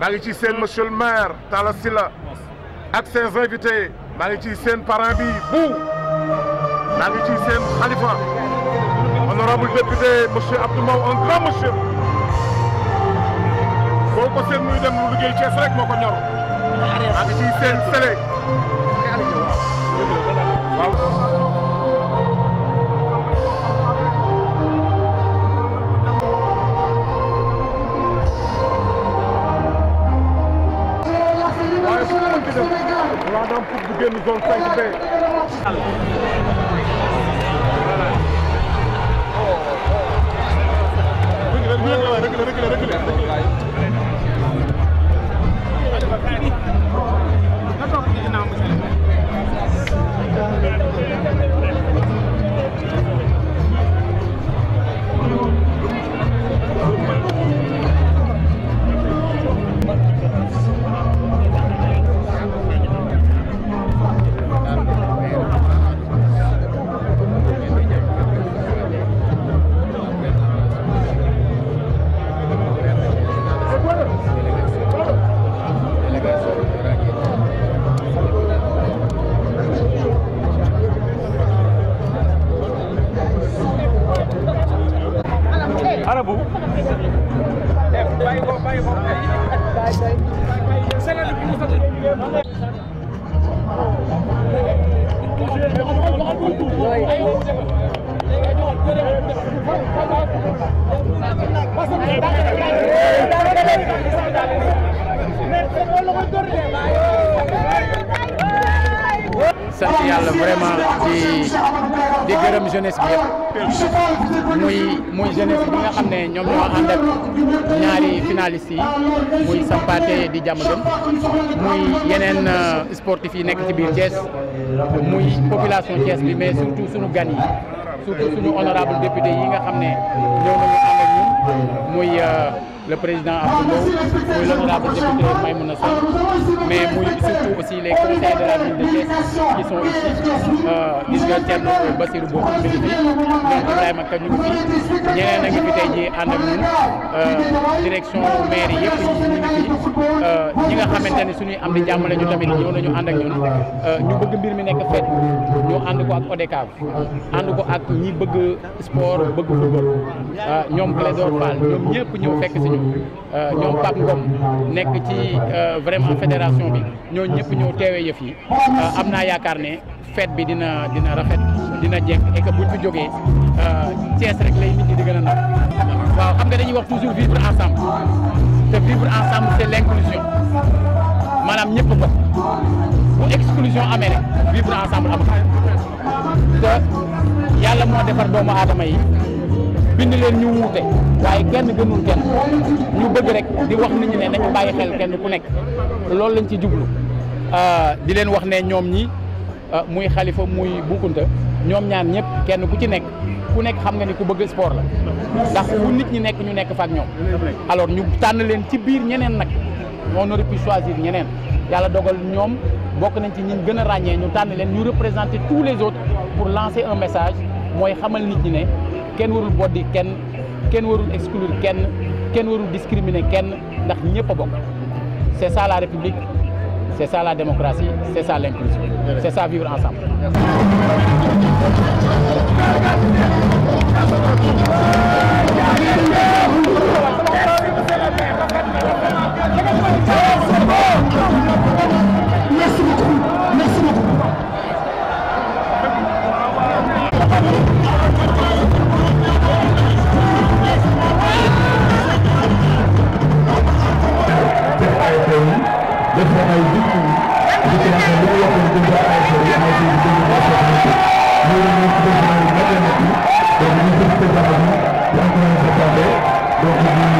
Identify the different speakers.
Speaker 1: maa ci seen monsieur le maire Talla Sylla invités maa ngi ci seen parent bi bu ci seen xalifa honorable député monsieur Abdou Mbow grand monsieur boo ko seen muy dem lu liggéey Thiès rek moo ko ñor seen sele demi zone 5 marabu bàyyi ko bàyyi ko bàyyi ko sant yàlla vraiment di di gërëm jeunesse bi yëpp muy muy jeunesse bi nga xam ne ñoom ñoo ànd ak ñaari finalistes yi muy Sampaate di Diamaguène muy yeneen euh, sportif yi nekk ci biir Thiès muy population Thiès bi mais surtout suñu gan yi surtout suñu honorable député yi nga xam ne ñëw nañu ànd ak ñun muy euh, le président Abdou Mbow muy l'honorable député Maymouna Sall mais muy surtout aussi les conseillers de la ville de Thiès qui sont ici gis nga Thierno Basirou Bopp mi ngi fi donc Ibrahima Ka ñu ngi fi ñeneen a ngi fi tey jii ànd ak ñun euh, direction mairie yëpp ñu ngi fi euh, ñi nga xamante ne suñuy am di jàmmale ñu tamit ñëw nañu ànd ak ñun euh, ñu bëgg mbir mi nekk fête ñoo ànd ko ak ODCAV ànd ko ak ñi bëgg sport bëgg football ah, ñoom Clédor Fall ñoom ñëpp ñëw fekk si ñu ah, ñoom Pape Ngom nekk ci ah, vraiment fédération bi ñoo ñëpp ñëw teewee yëf yi am naa yaakaar ne fête bi dina dina rafet dina jekk et que buñ fi jógee Thiès rek lay nit ñi di nag waaw xam nga dañuy wax toujours vivre ensemble te vivre ensemble c'est l'inclusion maanaam ñëpp bokk exclusion amee rek vivre ensemble amul te yàlla moo defar doomu aadama yi bind leen ñu wuute waaye kenn gënul kenn ñu bëgg rek di wax nit ñi ne nañu bàyyi nekk loolu lañ ci jublu euh, di leen wax ne ñoom ñi euh, muy xalifa muy bukunta ñoom ñaan ñëpp kenn ku ci nekk ku nekk xam nga ni ku bëgg sport la ndax fu nit ñi nekk ñu nekk fa ak ñoom alors ñu tànn leen ci biir ñeneen nag on aurait pu ñeneen yàlla dogal ñoom bokk nañ ci ñi gën a ràññee ñu tànn leen ñu représenter tous les autres pour lancer un message mooy xamal nit ñi ne kenn warul boddi kenn kenn warul exclure kenn kenn warul discriminer kenn ndax ñëpp a bokk c'est la république c'est ça la démocratie c'est ça l'inclusion c'est vivre ensemble donc